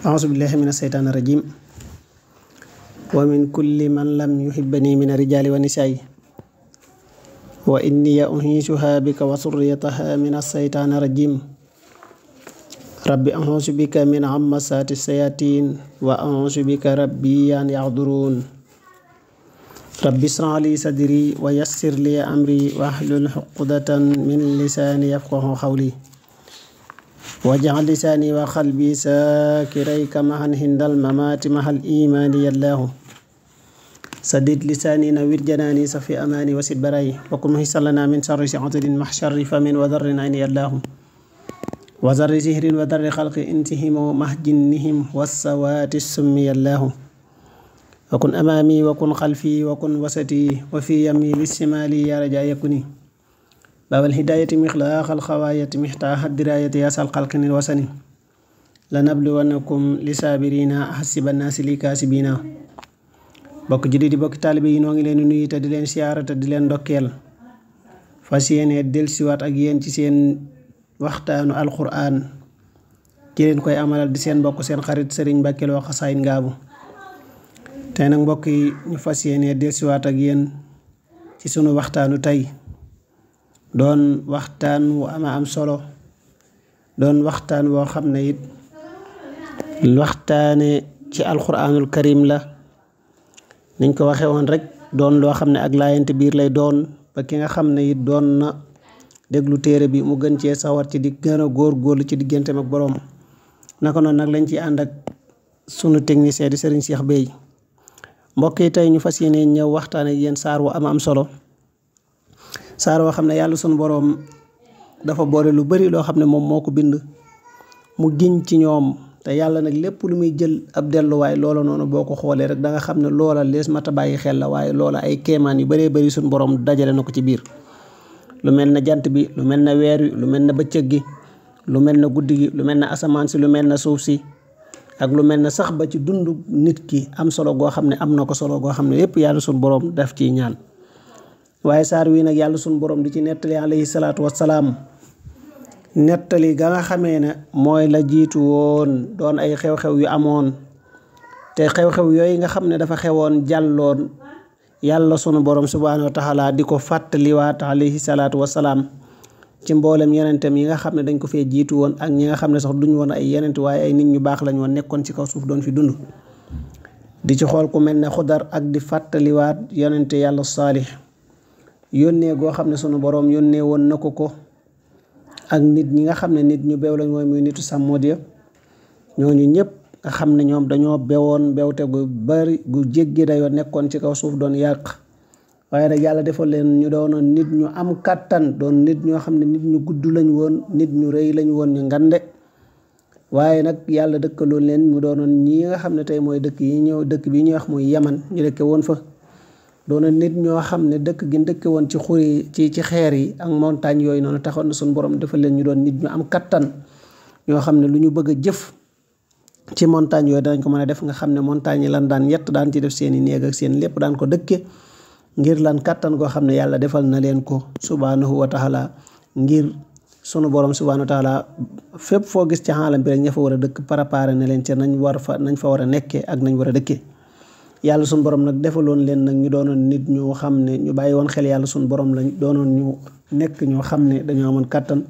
أعوذ بالله من الشيطان الرجيم ومن كل من لم يحبني من الرجال والنساء وإني أهيشها بك وسريتها من الشيطان الرجيم رب أعوذ بك من عمسات الشياطين وأعوذ بك ربي أن يحضرون رب اشرح لي صدري ويسر لي أمري واحلل عقدة من لساني يفقه قولي واجعل لساني وقلبي ساكريك معا عند الممات مع الإيمان يالله سدد لساني نوير جناني صفي أماني وسد براي وكن مهسا لنا من شر سعطل محشر فمن وذر عين يالله وذر سهر وذر خلق انتهم ومهجنهم والسوات السمي الله وكن أمامي وكن خلفي وكن وسطي وفي يمي للشمال يا رجاء يكوني baabal hidaayati mixlaaxal xawaayati mixtaaxa diraayati yaasal xalqinil wasani lanabluwanakum li saabirina xasiba naasi li kaasibiina bokk jullit yi bokk taalibe yi noo ngi leen di nuyu di leen siyaara te di leen ndokkeel fas delsiwaat ak yéen ci seen waxtaanu alxuraan koy amalal di seen mbokk seen xarit sëriñ Mbàkke Lo Xasaayit tey nag mbokk yi ñu fas yéene dellusiwaat ak yéen ci sunu waxtaanu tey doon waxtaan wu ama am solo doon waxtaan woo xam ne it waxtaane ci alquranul karim la niñ ko waxee woon rek doon loo xam ne ak laayante biir lay doon ba ki nga xam ne it doon na déglu téere bi mu gën cee sawar ci di gën a góorgóorlu ci diggante ak boroom naka noonu nag lañ ci ànd ak sunu technicien di Serigne Cheikh Bey mbokk yi tey ñu fas yéene ñëw waxtaan ak yéen saar wu am am solo. saar woo xam ne yàlla sunu boroom dafa boole lu bari loo xam ne moom moo ko bind mu giñ ci ñoom te yàlla nag lépp lu muy jël ab delluwaay loola noonu boo ko xoolee rek da nga xam ne loola lees mat a bàyyi xel la waaye loola ay kéemaan yu baree bari suñ borom dajale na ko ci biir lu mel na jant bi lu mel na weer wi lu mel na bëccëg gi lu mel na guddi gi lu mel na asamaan si lu mel na suuf si ak lu mel na sax ba ci dund nit ki am solo goo xam ne am na ko solo goo xam ne yépp yàlla suñu borom daf ciy ñaan waaye saar wii nag yàlla sunu borom di ci nettali alayhi salaatu wassalaam nettali ga nga xamee ne mooy la jiitu woon doon ay xew-xew yu amoon te xew-xew yooyu nga xam ne dafa xewoon jàlloon yàlla sunu borom subhaanahu wa taala di ko fàttaliwaat alayhi salaatu wassalaam ci mboolem yenentam yi nga xam ne dañ ko fee jiitu woon ak ñi nga xam ne sax duñ woon ay yenent waaye ay nit ñu baax lañ woon nekkoon ci kaw suuf doon fi dund di ci xool ku mel ne xudar ak di fàttaliwaat yonente yàlla saalix yónnee goo xam ne suñu boroom yónnee woon na ko ko ak nit ñi nga xam ne nit ñu bew lañ mooy muy nitu sàmmood ya ñooñu ñëpp nga xam ne ñoom dañoo bewoon bewte gu bari gu jéggi dayoo nekkoon ci kaw suuf doon yàq waaye nag yàlla defal leen ñu doonoon nit ñu am kàttan doon nit ñoo xam ne nit ñu gudd lañ woon nit ñu rëy lañu woon ñu ngande waaye nag yàlla dëkkaloon leen mu doonoon ñi nga xam ne tey mooy dëkk yi ñëw dëkk bi ñuy wax muy yaman ñu dëkke woon fa doon nit ñoo xam ne dëkk gi dëkke woon ci xur ci ci xeer yi ak montagne yooyu noonu taxoon na suñu borom defal leen ñu doon nit ñu am kattan ñoo xam ne lu ñu bëgg a jëf ci montagne yooyu danañ ko mën a def nga xam ne montagne yi lan daan yett daan ci def seeni i néeg ak seen lépp daan ko dëkke ngir lan kattan koo xam ne yàlla defal na leen ko subhanahu wa taala ngir sunu borom subhanahu wa taala fépp foo gis ci xaalam bi ña fa war a dëkk préparé na leen ci nañ war fa nañ fa war a nekkee nañ war a yàlla suñu borom nag defaloon leen nag ñu doonoon nit ñu xam ne ñu bàyyi woon xel yàlla suñu borom lañ doonoon ñu nekk ñoo xam ne dañoo amoon kàttan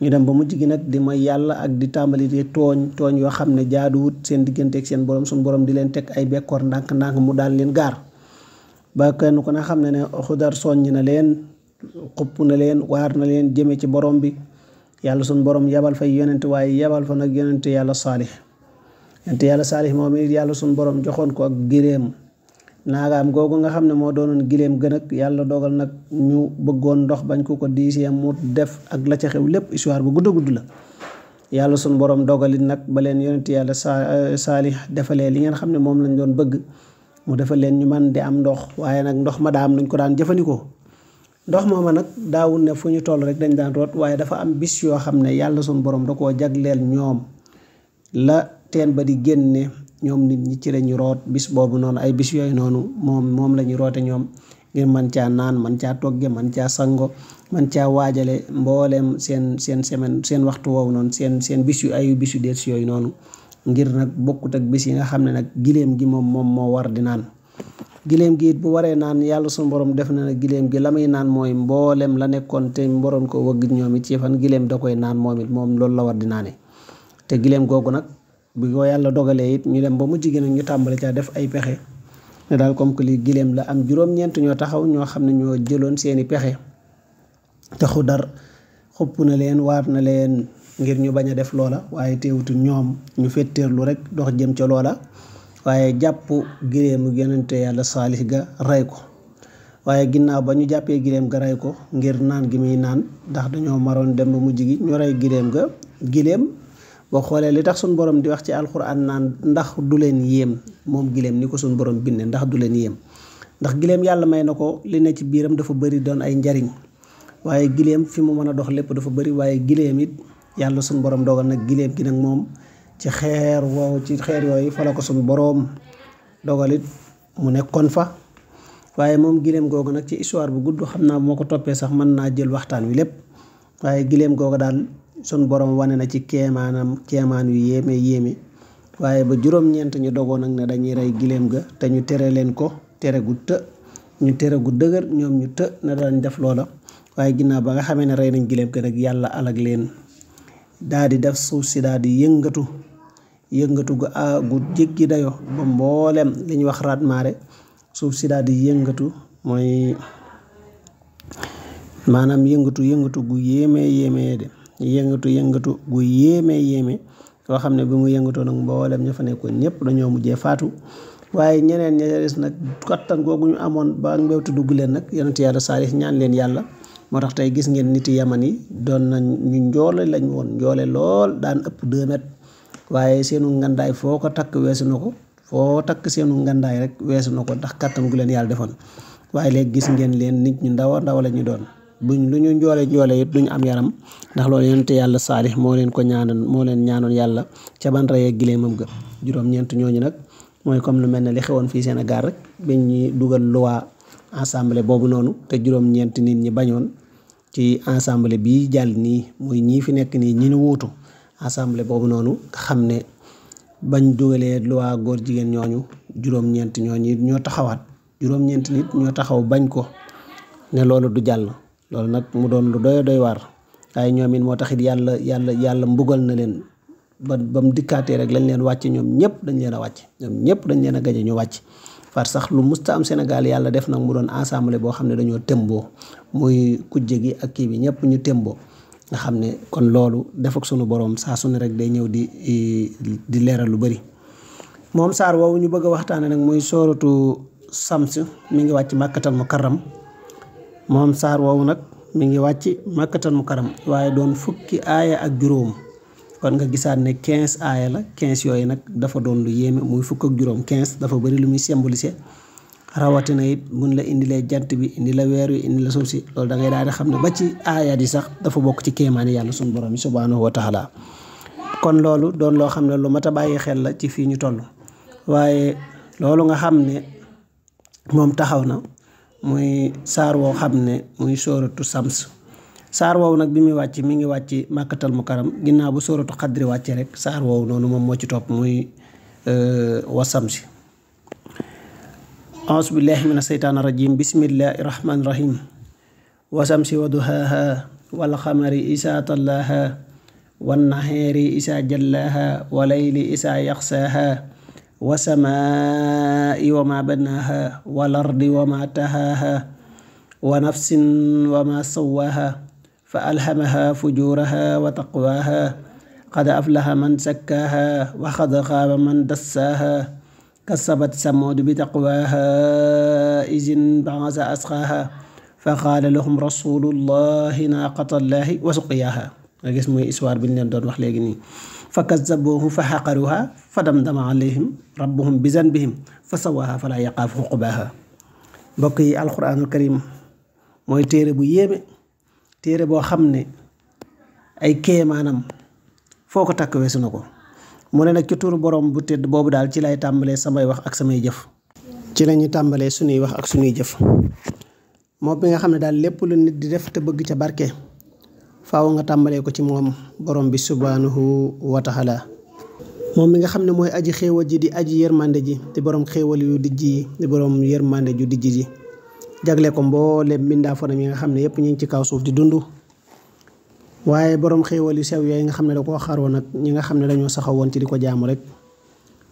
ñu dem ba mu gi nag di may yàlla ak di tàmbali di tooñ tooñ yoo xam ne jaaduwut seen diggante ak seen borom suñu borom di leen teg ay bekkoor ndànk-ndànk mu daal leen gaar ba kenn ko na xam ne ne xudar soññ na leen xupp na leen waar na leen jëme ci borom bi yàlla suñu borom yabal fay yonent waaye yabal fa nag yonent yàlla saalix yonent yàlla saalix moom it yàlla suñu borom joxoon ko ak giléem naagaam googu nga xam ne moo doonoon giléem gën ak yàlla dogal nag ñu bëggoon ndox bañ ko ko diisee mu def ak la ca xew lépp histoire bu gudd gudd la yàlla suñu borom dogalit nag ba leen yonent yàlla saa euh, saalix defalee li ngeen xam ne moom lañ doon bëgg mu defal leen ñu man di am ndox waaye nag ndox ma daa am nuñ ko daan jëfandikoo ndox moom nag daawul ne fu ñu toll rek dañ daan root waaye dafa am bis yoo xam ne yàlla suñu borom da koo jagleel ñoom la teen ba di génne ñoom nit ñi ci lañu root bis boobu noonu ay bis yooyu noonu moom moom la ñu roote ñoom ngir man caa naan man caa togge man caa sango man caa waajale mbooleem seen seen semaine seen waxtu woowu noonu seen seen bis yu ayu bisu dees yooyu noonu ngir nag bokkut ak bis yi nga xam ne nag giléem gi moom moom moo war di naan giléem gi it bu waree naan yàlla su borom def na ne giléem gi la muy naan mooy mbooleem la nekkoon mboroon ko ñoom it ci giléem da koy naan moom it moom loolu la war di naane te giléem googu nag bu ko yàlla dogalee it ñu dem ba mu gi nag ñu tàmbali caa def ay pexe ne daal comme que lii giléem la am juróom-ñeent ñoo taxaw ñoo xam ne ñoo jëloon seeni pexe te dar xupp na leen waat na leen ngir ñu bañ a def loola waaye teewutu ñoom ñu fetteerlu rek dox jëm ca loola waaye jàpp giléemu yonente yàlla saalix ga rey ko waaye ginnaaw ba ñu jàppee giléem ga rey ko ngir naan gi muy naan ndax dañoo maroon dem ba mujj gi ñu rey giléem ga giléem boo xoolee li tax suñu borom di wax ci alxuraan naan ndax du leen yéem moom giléem ni ko suñu boroom bindee ndax du leen yéem ndax giléem yàlla may na ko li ne ci biiram dafa bëri doon ay njariñ waaye giléem fi mu mën a dox lépp dafa bari waaye giléem it yàlla suñu borom dogal nag giléem gi nag moom ci xeer woow ci xeer yooyu fa la ko suñu boroom dogal it mu nekkoon fa waaye moom giléem googu nag ci histoire bu gudd xam naa bu ma ko toppee sax mën naa jël waxtaan wi lépp sun borom wane na ci kemaanam keemaan yu yéeme yéeme waaye ba juróom-ñeent ñu dogoon nag ne dañuy rey giléem ga te ñu tere leen ko tere gu të ñu tere gu dëgër ñoom ñu të na dañ def loola waaye ginnaaw ba nga xamee ne rey nañ giléem ga nag yàlla alag leen daa di def suuf si daa di yëngatu yëngatu gu a ah, gu jéggi dayo ba mboolem li wax raat maare suuf si daal di yëngatu mooy maanaam yëngatu yëngatu gu yéeme yéeme de yëngatu yëngatu gu yéeme yéeme yoo xam ne bi mu yëngatoo nag mboolem ña fa nekkoon ñëpp dañoo mujjee faatu waaye ñeneen ña des nag kattan googu ñu amoon ba mbéwtu dugg leen nag yonent yàlla saalix ñaan leen yàlla moo tax tey gis ngeen nit yi yaman yi doon nañ ñu njoole lañ woon njoole lool daan ëpp 2 mètres waaye seenu ngandaay foo ko takk weesu na ko foo takk seenu ngandaay rek weesu na ko ndax kattan gu leen yàlla defoon waaye léegi gis ngeen leen nit ñu ndaw ndaw la ñu doon buñ lu ñu njoole njoole it duñ am yaram ndax loolu yonent yàlla saalix moo leen ko ñaanoon moo leen ñaanoon yàlla ca ban rayee gileemam ga juróom-ñeent ñooñu nag mooy comme lu mel ne li xewoon fii Sénégal rek bañ ñi dugal loi assemblée boobu noonu te juróom-ñeent nit ñi bañoon ci assemblée bii jàll nii mooy ñii fi nekk nii ñi ñu wuutu assemblée boobu noonu xam ne bañ dugalee luwaa góor jigéen ñooñu juróom-ñeent ñoo taxawaat juróom-ñeent nit ñoo taxaw bañ ko loolu du jàll loolu nag mu doon lu doy doy waar waaye ñoom it moo taxit yàlla yàlla yàlla mbugal na leen ba ba mu dikkaatee rek lañ leen wàcc ñoom ñëpp dañu leen wàcc ñoom ñëpp dañ leen a gaje ñu wàcc far sax lu musta am Sénégal yàlla def nag mu doon ensemble boo xam ne dañoo témboo muy kujje gi ak kii bi ñëpp ñu témboo nga xam ne kon loolu def ak sunu boroom saa su rek day ñëw di di leeral lu bari moom saar wow ñu bëgg a waxtaane nag muy sooratu Sams mu ngi wàcc màkkatal mukarram moom saar woowu nag mi ngi wàcc makkatal mu karam waaye doon fukki aaya ak juróom kon nga gisaat ne quinze aaya la quinze yooyu nag dafa doon lu yéeme muy fukk ak juróom quinze dafa bëri lu muy symboliser rawatina it mun la indilee jant bi indi la weer wi indi la suuf si loolu da ngay daal xam ne ba ci aayaat yi sax dafa bokk ci kéemaani yàlla suñ borom yi subhaanahu wa taala kon loolu doon loo xam ne lu mat a bàyyi xel la ci fii ñu toll waaye loolu nga xam ne moom taxaw na muy saar woo xam ne muy sóoratu sams saar woowu nag bi muy wàcc mi ngi wàcc màkkatal mu karam ginnaaw bu sóoratu xadri wàcce rek saar woowu noonu moom moo ci topp muy wasamsi aus billahi min aseytaan rajim bismillahi rahmani rahim wasamsi wa duhaaha isaa tallaaha wan isaa jallaaha wa isaa yaxsaaha wa samaa'i wa ma banaha wal ardi wa ma tahaha wa nafsin wa ma sawaha fa alhamaha fujuraha wa taqwaha qad aflaha man zakkaha wa qad xaaba man dassaha kasabat samud bi taqwaha izin ba'asa asqaha fa qaala lahum rasulullahi naaqata llahi wa suqiyaha nga gis muy histoire bi ñu leen doon wax léegi nii fa kazzabuuhu fa xaqaruha fa damdama alayhim rabbuhum bi zanbihim fa sawaaha falaa yaqaafu uqbaaha mbokk yi alxuraanul karim mooy téere bu yéeme téere boo xam ne ay kéemaanam foo ko takk weesu na ko mu ne nag ci turu borom bu tëdd boobu daal ci lay tàmbalee samay wax ak samay jëf ci lañuy tàmbalee suñuy wax ak suñuy jëf moom bi nga xam ne daal lépp lu nit di def te bëgg ca barke faaw nga tàmbalee ko ci moom borom bi subhanahu wa taala moom mi nga xam ne mooy aji xéewal ji di aji yërmande ji te borom xéewal yu dijj yi di borom yërmande ju dijj ji jagle ko mboole mbooleem mbindaafoonam yi nga xam ne yëpp ñu ngi ci kaw suuf di dund waaye borom xéewal yu sew yooyu nga xam ne da koo xaroon ak ñi nga xam ne dañoo saxawoon ci di ko jaamu rek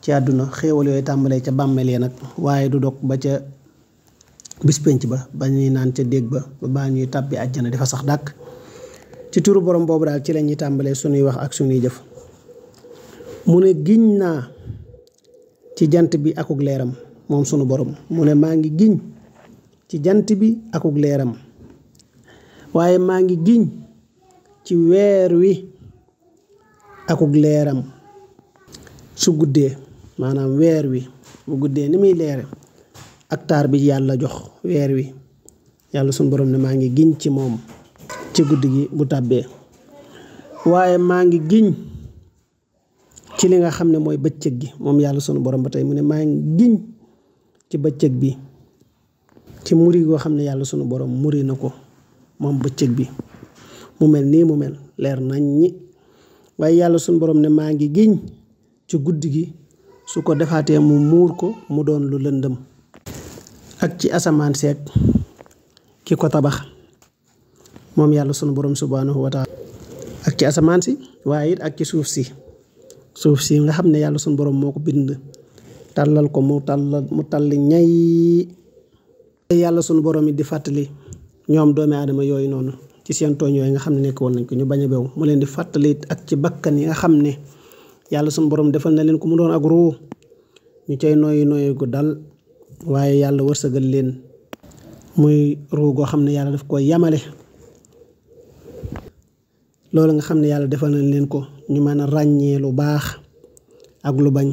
ci àdduna xéewal yooyu tàmbalee ca bàmmeel ya nag waaye du dog ba ca bispenc ba ba ñuy naan ca dégg ba ba ñuy tàbbi àjjana di sax dàkk ci turu borom boobu daal ci la ñuy tàmbalee sunuy wax ak sunuy jëf mu ne giñ naa ci jant bi akuk leeram moom sunu borom mu ne maa ngi giñ ci jant bi akuk leeram waaye maa ngi giñ ci weer wi akuk leeram su guddee maanaam weer wi bu guddee ni muy leere ak taar bi yàlla jox weer wi yàlla sunu borom ne maa ngi giñ ci moom ci guddi gi bu tàbbee waaye maa ngi giñ ci li nga xam ne mooy bëccëg gi moom yàlla sunu borom ba tey mu ne maa ngi giñ ci bëccëg bi ci muri goo xam ne yàlla sunu borom muri na ko moom bëccëg bi mu mel nii mu mel leer nañ ñi waaye yàlla sunu borom ne maa ngi giñ ci guddi gi su ko defaatee mu muur ko mu doon lu lëndëm ak ci asamaan seeg ki ko tabax moom yàlla sunu borom subhanahu wa taala ak ci asamaan si waaye it ak ci suuf si suuf si nga xam ne yàlla sunu borom moo ko bind tàllal ko mu tàllal mu tàll ñay yàlla sunu borom it di fàttali ñoom doomi adama yooyu noonu ci seen tooñ yooyu nga xam ne nekk woon nañ ko ñu bañ a bew mu leen di fàttali ak ci bakkan yi nga xam ne yàlla sunu borom defal na leen ku mu doon ak ruu ñu cay nooyi nooyi gu dal waaye yàlla wërsëgal leen muy ruu goo xam ne yàlla daf ko yamale loolu nga xam ne yàlla defal nañ leen ko ñu mën a ràññee lu baax ak lu bañ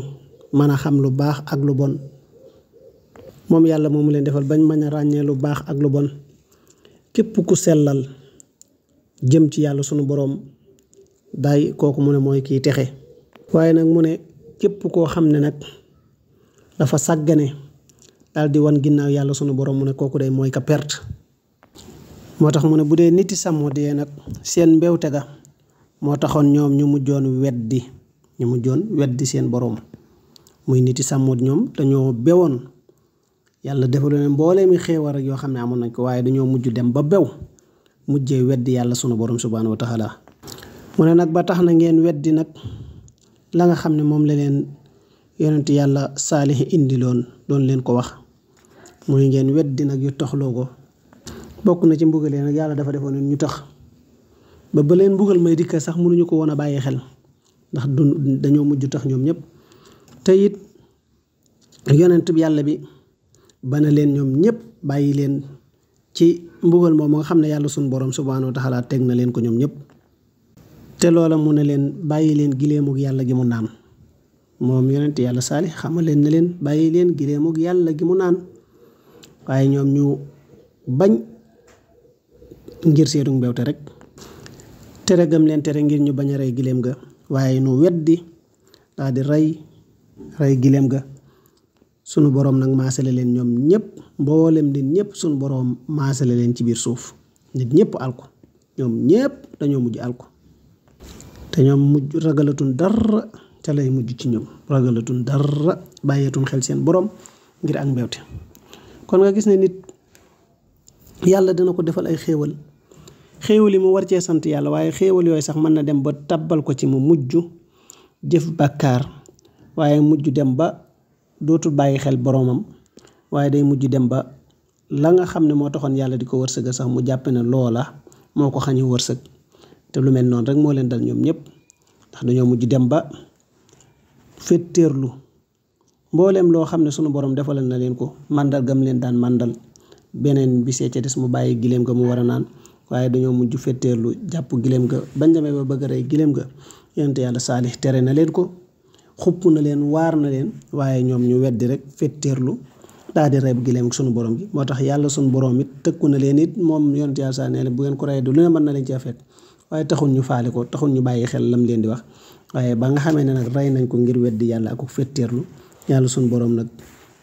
mën a xam lu baax ak lu bon moom yàlla mu leen defal bañ mën a ràññee lu baax ak lu bon képp ku sellal jëm ci yàlla sunu boroom day kooku mu ne mooy kii texe waaye nag mu ne képp koo xam ne nag dafa sàggane daal di wan ginnaaw yàlla sunu borom mu ne kooku day mooy ka perte moo tax mu ne bu dee niti sàmmudee nag seen mbewte ga moo taxoon ñoom ñu mujjoon weddi ñu mujjoon weddi seen boroom muy niti sàmmoot ñoom dañoo bewoon yàlla defal mboolee mi xéewal rek yoo xam ne amoon nañ ko waaye dañoo mujj dem ba bew mujjee weddi yàlla sunu borom subhaanahu wa taala mu ne nag ba tax na ngeen weddi nag la nga xam ne moom la leen yonent yàlla saalix indiloon doon leen ko wax muy ngeen weddi nag yu toxloo ko bokk na ci mbugal yi nag yàlla dafa defoon ne ñu tax ba ba leen mbugal may dikka sax mënuñu ko woon a bàyyi xel ndax du dañoo mujj tax ñoom ñëpp te it yonent yàlla bi bana leen ñoom ñëpp bàyyi leen ci mbugal moom nga xam ne yàlla suñu borom subhaanahu wa taala teg na leen ko ñoom ñëpp te loola mu ne leen bàyyi leen gileemug yàlla gi mu naan moom yonent yàlla saali xamal leen ne leen bàyyi leen gileemug yàlla gi mu naan waaye ñoom ñu bañ ngir seenu mbewte rek tere gam leen tere ngir ñu bañ a rey giléem ga waaye nu weddi daal di rey rey giléem ga sunu boroom nag maasale leen ñoom ñëpp mboolem nit ñëpp sunu boroom maasale leen ci biir suuf nit ñëpp alku ñoom ñëpp dañoo mujj alko te ñoom mujj ragalatuñ dara ca lay mujj ci ñoom ragalatuñ dara bàyyeetuñ xel seen boroom ngir ak mbewte kon nga gis ne nit yàlla dina ko defal ay xéewal xéewal li mu war cee sant yàlla waaye xéewal yooyu sax mën na dem ba tàbbal ko ci mu mujj jëf bàkkaar waaye mujj dem ba dootul bàyyi xel boroomam waaye day mujj dem ba la nga xam ne moo taxoon yàlla di ko wërsëgal sax mu jàpp ne loola moo ko xañu wërsëg te lu mel noonu rek moo leen dal ñoom ñëpp ndax dañoo mujj dem ba féttéerlu mbooleem loo xam ne sunu borom defalal na leen ko màndal gam leen daan màndal beneen bi see ca des mu bàyyi gileem ga mu war a naan waaye dañoo mujj fetteerlu jàpp gileem ga bañ demee ba bëgg a rey gileem ga yonent yàlla saalix tere na leen ko xupp na leen waar na leen waaye ñoom ñu weddi rek fetteerlu daal di rey bu gileem sunu borom gi moo tax yàlla suñu borom it tëkku na leen it moom yonent yàlla saalix nee na bu ngeen ko rey du lu ne mën na leen cee fekk waaye taxul ñu faale ko taxul ñu bàyyi xel lam leen di wax waaye ba nga xamee ne nag rey nañ ko ngir weddi yàlla ak fetteerlu yàlla sunu borom nag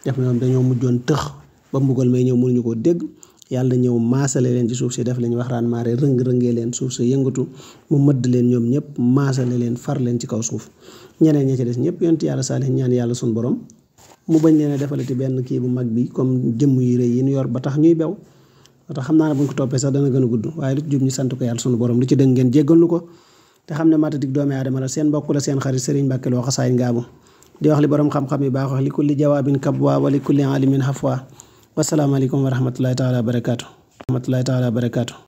def dañoo mujjoon tëx ba mbugal may ñëw mënuñu koo dégg yàlla ñëw maasale leen ci suuf si def la ñu wax raan maare rëng-rëngee leen suuf sa yëngatu mu mëdd leen ñoom ñëpp maasale leen far leen ci kaw suuf ñeneen ña des ñëpp yonent yàlla saalih ñaan yàlla suñu borom mu bañ leen a defalati benn kii bu mag bi comme jëmm yu rëy yi ñu yor ba tax ñuy bew ba tax xam naa ne bu ko toppee sax dana gën a gudd waaye lu ci jub ñu sant ko yàlla suñu borom lu ci dëng ngeen jéggal nu ko te xam ne matatik doomi aadama la yi baax wax wasalaamaaleykum wa rahmatulahi taala wa barakaatu. rahmatulahi taala wa barakaatu.